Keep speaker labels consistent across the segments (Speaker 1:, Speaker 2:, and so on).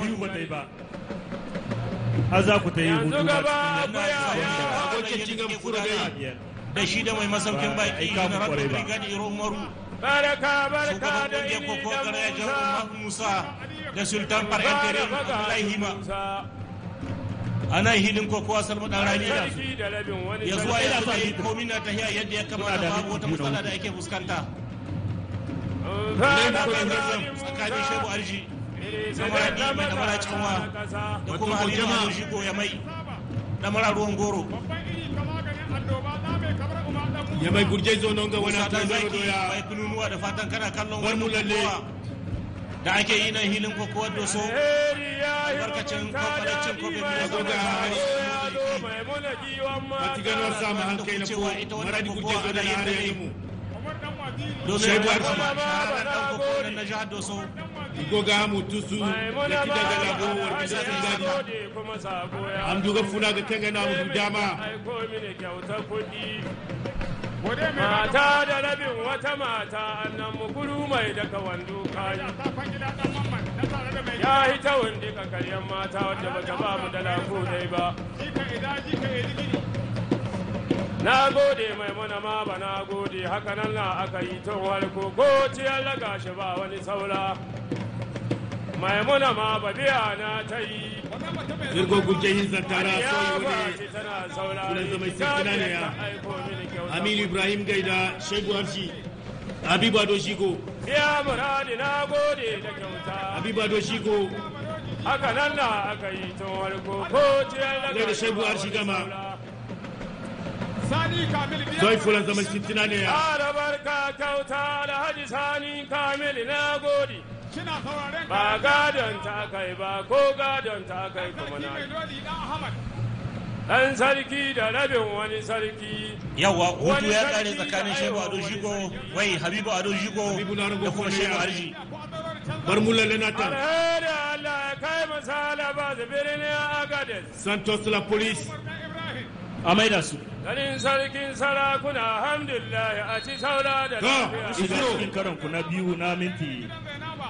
Speaker 1: biyu ba ta yi ba har za ku ta yi hutu ba cikin yan da shi da mai masaukin baki na rabin brigadi iro umaru baraka baraka da yi da musa da sultan farhan tere abdullahi hima ana hidin kokowa salma dan rani
Speaker 2: ya zuwa yana ta yi komi na tahiya yadda ya kamata babu wata matsala da ake
Speaker 1: fuskanta. Zai na kai tsakanin Shehu Arji da mara canwa da kuma halima shigo ya mai da ruwan goro
Speaker 2: ya mai gurje zonon ga wani ta zai mai
Speaker 1: kununuwa da fatan kana kallon wani lalle da ake yi nan hilin kokowar doso barkacin kwakwalacin kobe mai zoga hari matiganar samun hankali na ko maradi gurje zonon ya na jihar doso igoga mutusu yakida gala go warkisa tingaga
Speaker 2: am duga funa ga kanga na mu dama mata da rabin wata mata annan mukuru mai daga wando kayi ya yi ta wanda ka karyan mata wadda bata ba mu da lako dai ba na gode mai mana ma ba na gode nan na aka yi tun harko ko ciyar laga shi ba wani saura maimuna ma ba biya na ta yi zirgo guje yin zartara soyi wani kudan zama sakina ne ya aminu ibrahim gaida shegu hafshi habibu ado shiko biya muradi na gode da kyauta habibu ado shiko haka nan na aka yi tun warko ko ciyar da shegu hafshi gama sani kamil biya zai fulan zama ne ya arabar ka kyauta da haji sani kamil na gode ba gadon ta kai ba ko gadon ta kai kuma na dan sarki da rabin wani sarki yawa hutu ya kare tsakanin shehu
Speaker 1: ado shigo wai habibu ado shigo da kuma shehu arji bar mu lalle na tan alheri
Speaker 2: allah ya kai misala ba birni a agadez
Speaker 1: santos la police a da su
Speaker 2: ganin sarkin sarakuna alhamdulillah a ci saura da lafiya ka shiga
Speaker 1: cikin ku na biyu na minti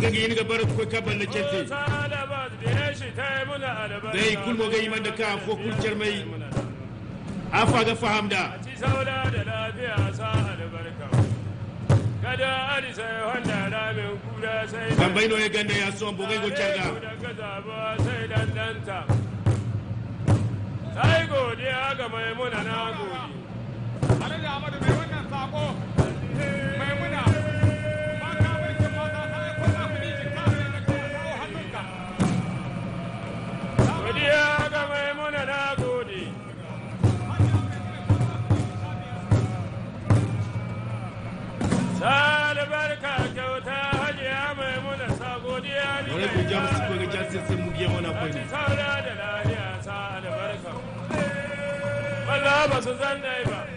Speaker 2: gagayini ga ka balle kente dai kul mo gayi man da ka fo kul charmai afa ga fahamda kada ari ya ganda ya son go charga sai godiya ga maimuna na godi mai wannan sako maimuna kujya musiko Allah ba su ba